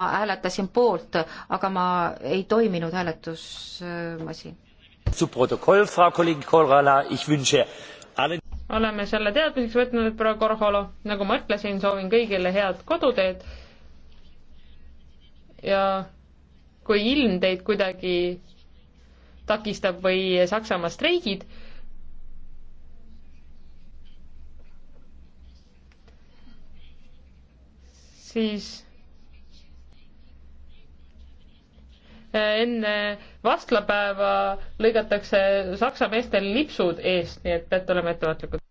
ma hääletasin poolt, aga ma ei toiminud hääletusmasin. oleme selle teadmiseks võtnud, et proua Korholo, nagu ma ütlesin, soovin kõigile head koduteed ja kui ilm teid kuidagi takistab või Saksamaa streigid, siis enne vastlapäeva lõigatakse saksa meestel lipsud eest, nii et peate olema ettevaatlikud.